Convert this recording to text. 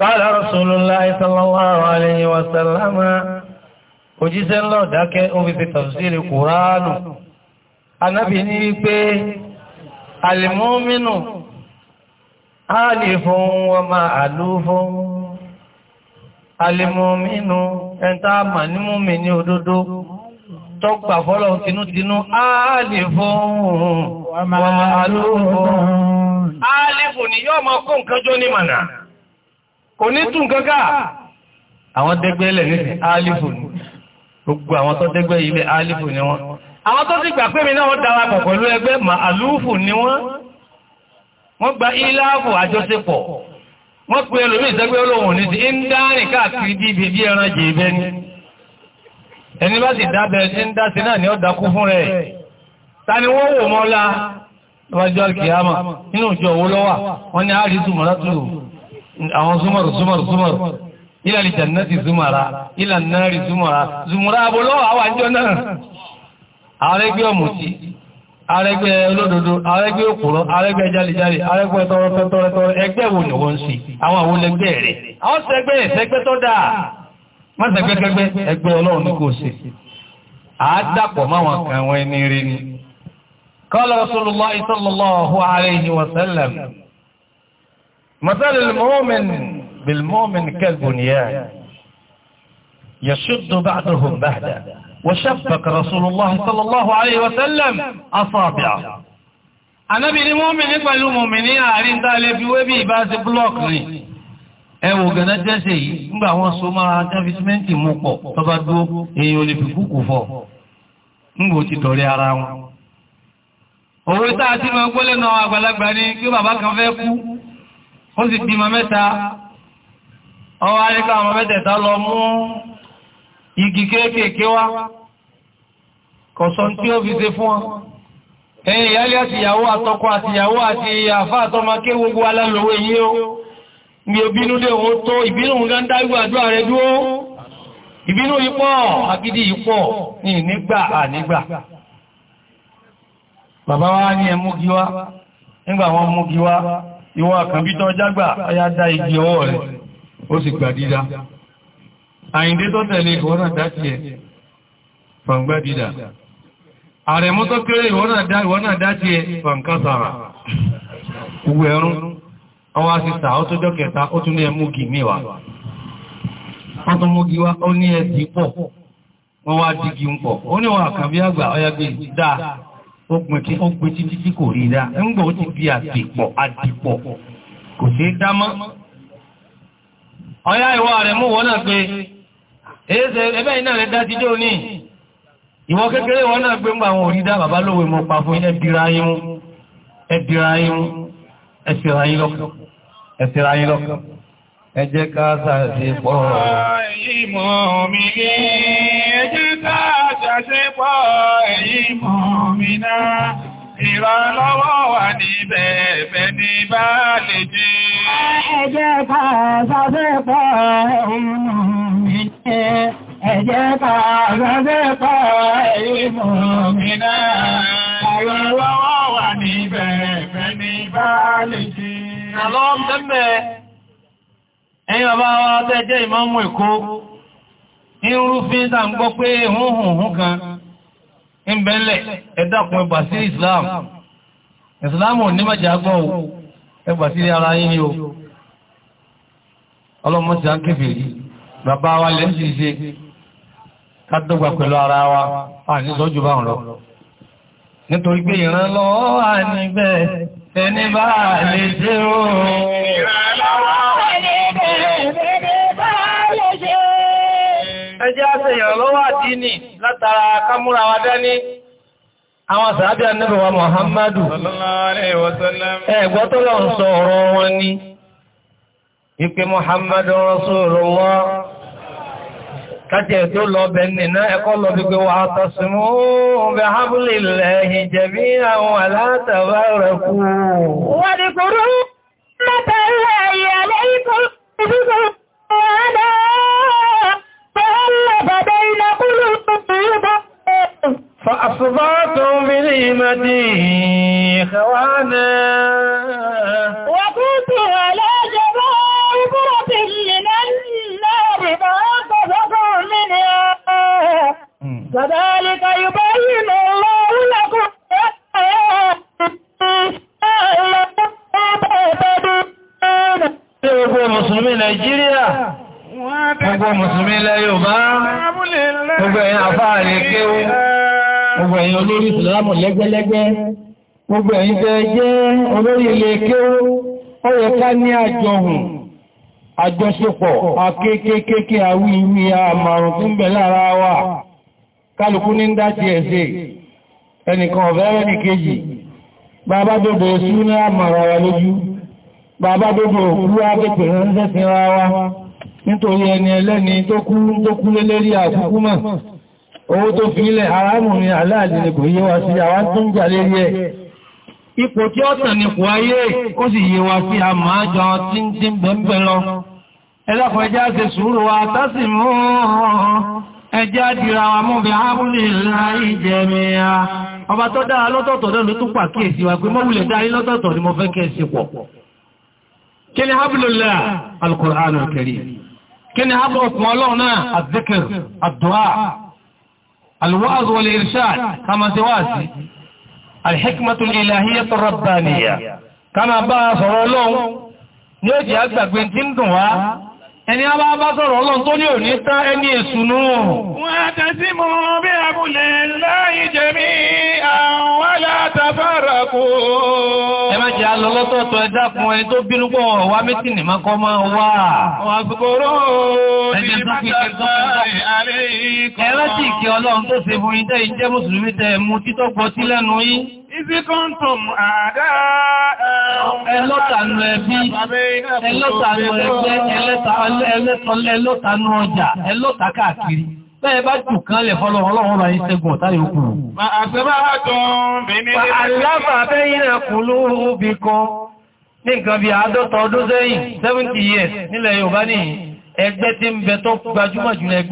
قال رسول الله صلى الله عليه وسلم òjíṣẹ́ lọ dákẹ́ òfìfẹ́ tafsiri kùránù anábì ní wípé alìmọ́mínú alìfún wọn ma àlúfún alìmọ́mínú ẹntá mà ní múmi ní òdodo tọ́gbà fọ́lọ̀ tinútinú alìfún wọn ma àlúfún alìfún ni yọ́ ma kó nǹkan jọ ní mànà kò ní tún kankan àwọn dẹ́gbẹ́lẹ̀ ní alifu gbogbo àwọn tó dẹ́gbẹ́ ilé alifu ni wọ́n àwọn tó ti gbà pé mi náà wọ́n dára pọ̀ pẹ̀lú ẹgbẹ́ ma alúfù ni wọ́n wọ́n gba iláàfù àjọṣepọ̀ wọ́n pe ẹlòmí ìsẹ́gbẹ́ olóhùn ní ti ń dárìn káàkiri bí ibi bí ẹran jẹ ibẹ́ ni ẹni bá sì dábẹ̀ẹ́ tí ń dáṣe náà ni ó dákú fún rẹ̀ ta ni wọ́n wò mọ́lá lọ́jọ́ kìámà nínú ìjọ owó lọ́wà wọ́n ní àrísù mọ́lá tùrù àwọn súnmọ̀rù súnmọ̀rù súnmọ̀rù ilẹ̀ ìjànà ti súnmọ̀ra ilẹ̀ náà rí súnmọ̀ra zùmọ̀ra abolọ́ àwọn àjọ náà arẹ́gbẹ́ ọ̀mùtí arẹ́gbẹ́ olódodo arẹ́gbẹ́ òkúrọ́ arẹ́gbẹ́ jálejálè arẹ́gbẹ́ tọrọtọrọtọrọ ẹgbẹ́ wo ni wọ́n ń ṣe àwọn àwọn olẹ́gbẹ́ rẹ̀ àwọn sẹgbẹ́ ẹ̀sẹgbẹ́ tó dáa má sẹgbẹ́gbẹ́gbẹ́ ẹgbẹ́ ọlọ́run ní kò ṣe àádàpọ̀ máwọn مثل المؤمن بالمؤمن كالبنيان يشد بعضهم بعدا وشفق رسول الله صلى الله عليه وسلم أصابعه Ànábì ní mọ́mìnì pẹ̀lú mọ́mìnì àárín dáalé fi wé bí ìbá sí blọ́ọ̀kì rí. Ẹwò gẹ̀nà jẹ́sẹ̀ yìí, ńgbà wọn so máa jẹ́fi símẹ́ntì mú pọ̀ tó bá èèyàn olè fi kúkù fọ́. Ńgbò ti tọ̀rẹ ara wọn. Òwe táà ti máa àgbàlagbà ni kí bàbá kan fẹ́ kú, ó sì bímọ mẹ́ta ọwọ́ aríkà ọmọ mẹ́tẹ̀ẹ̀ta lọ mú igi kéékèèké wá kọ̀sọ̀ tí ó fi ṣe fún wọn ẹ̀yìn ìyálé àtìyàwó àtọkọ àtìyàwó àti àfá àtọmaké gbogbo alálòwé yí ó mi ò bínú lè wọ́n tó ìbínú ń dá ìgbàdúrà rẹ dúró ìbínú ipọ̀ agídí ipọ̀ ní nígbà ànígbà bàbá wa ní ẹmú gíwá nígbà wọn mú gíwá ìwọ àkànbítọ́ jágbà ọya dá igi ọwọ́ rẹ̀ ó sì gbà dídá àyíndé tó tẹ̀lé ìwọ náà dá fàǹgbà dídá àrẹ̀mú tó kéré ìwọ náà dá tiẹ̀ ẹ̀rún ọwá sísà ó tó kẹta ó tún ní ó pin títí tí kò rí dá ńgbà ó ti bí àtìpọ̀ àtìpọ̀ kò sí dámọ́ ọ̀yá ìwọ rẹ̀ mú wọ́n náà pé èéṣe ẹbẹ́ iná rẹ̀ dá ti dé òní ìwọ kékeré wọ́n náà gbé ń gbà àwọn òrí dá bàbá lówe mọ́ pa fún ẹbìra yín ẹbìra yín ẹsìra yín lọ́kọ̀ ẹsìra yín lọ́kọ̀ ẹ jẹ́ ká ṣàṣe pọ̀ ọ̀rọ̀ ìmọ̀ mi ní ẹ jẹ́ ká ṣàṣe mọ̀mìnà ìrànlọ́wọ́ wà níbẹ̀ ẹ̀bẹ̀ ní bá lè jí. Ẹjẹ́ ká sáfẹ́ pọ̀ Ẹjẹ́ ká sáfẹ́ pọ̀ ìmọ̀mìnà ìrànlọ́wọ́ wà níbẹ̀ ẹ̀bẹ̀ ní bá lè jí. Àlọ́ mẹ́mẹ́ ẹ̀yìn bàbá wa tẹ́ jẹ́ ìmọ̀mù Èkó, irúfin tàǹgbọ́ pé hún hùn hún kan ń bẹ́lẹ̀ ẹ̀dàkùn ẹgbà sí Islam Islam ò ní mẹ́jà gbọ́ o ẹgbà sí ara yín ni o ọlọ́mọ ti à ń kéfì rí bàbá wa lè ń ṣe ká pẹ̀lú ara wa a ní sọ́jú bá ń lọ nítorí pé ìrànlọ́wọ́ wà níbẹ̀ ẹni bá lè ṣe o. ẹjẹ́ àṣẹ lọwa àdínì látara kámúra wa dání àwọn sàábí Ànábì wa Muhammadu ẹgbọ́ tó lọ sọ ọ̀rọ̀ wọn ni ìpé Muhammadu Rasulullah kájẹ̀ tó lọ bẹ̀ẹ̀nì náà ẹkọ́ lọ bí wà tọ́símú bẹ hábùlì lẹ́yìn jẹ̀mí àwọn wọ́n رفعتم بنعمة إخوانا وكنت على جبا إبرة من النار فأنقذكم منها كذلك يبين الله لكم Gbogbo Mùsùlùmí Nàìjíríà, gbogbo Mùsùlùmí ilẹ̀ Yorùbá, gbogbo ẹ̀yin àfáà lè kéwú gbogbo ẹ̀yin olórí ìsìlámù lẹ́gbẹ́lẹ́gbẹ́ gbogbo ẹ̀yin tẹ́ jẹ́ olórí ilé kéwú ó yẹ ká ní àjọhùn àjọṣepọ̀ akékékéké àwíwí àmàrùn tó ń bẹ lára wa kálukú ní dájí ẹ̀ṣẹ́ ẹnìkan ọ̀fẹ́rẹ́ ní kéjì bàbá dòdò sí ní àmàrà wa lójú bàbá dòdò òkú ágbẹ̀pẹ̀ nítorí ẹni ẹlẹ́ni tó kú lélẹ́rí àkúkú mọ̀ owó tó fi ilẹ̀ aráàmù ni aláàlì ni kò yíwa sí àwọn tó ń jà si ẹ̀ ipò tí ó tàn ayé lọ ṣe sùúrù wa tásì mú ẹjá dìra wa mú bí ábúlé ọba tó dára lọ́tọ̀ọ̀tọ̀ náà ló tún pàkíyèsí wa pé lọ́tọ̀ọ̀tọ̀ ni mo fẹ́ kẹrì ọlọ́run الوعظ والإرشاد كما سواسي الحكمة الإلهية الربانية كما بقى صلى الله نيوتي أكبر بنتين دوا ẹni a bá bá sọ̀rọ̀ ọlọ́run tó ní ò ní tán ẹni èsùnú wọ́n lọ lọ́tọ̀ọ̀tọ̀ ẹ̀dá fún ẹni tó bínú pọ̀ wá mítìnì máa kọ́ máa wà. Ẹlẹ́tì kí ọlọ́run tó ṣe fún ìdẹ́ ìjẹ́ Mùsùlùmí tẹ mú títọ́ gbọ́ sí lẹ́nu yí. Ìsíkọ́ntùm àdá ẹlọ́tànú ẹbí, ẹlọ́tànú ẹgbẹ́, ẹlọ́tànú ọjà, ẹlọ́tà káàkiri. Bẹ́ẹ̀ bá jù kan lè fọ́lọ́ ọlọ́run ra iṣẹ́ gùn tàbí okùn. Ma àṣẹ́bá àtún bí ní ilé. Àlámà bẹ́yìn ẹ̀kùn ló bí kan ní nǹkan bí àádọ́ta ọdún sẹ́yìn, 70 years nílẹ̀ Yorùbá ní ẹgbẹ́ tí ń bẹ tó gbajúmọ̀ jùlọ ẹgbẹ́.